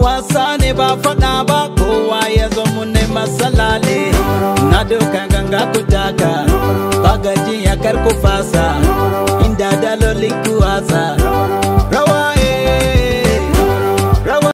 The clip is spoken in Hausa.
wasa ne ba faɗa ba kowa ya zo mu ne masalale na dukkan ganga ku daga bagajin ya karku fasa inda dalolin ku wasa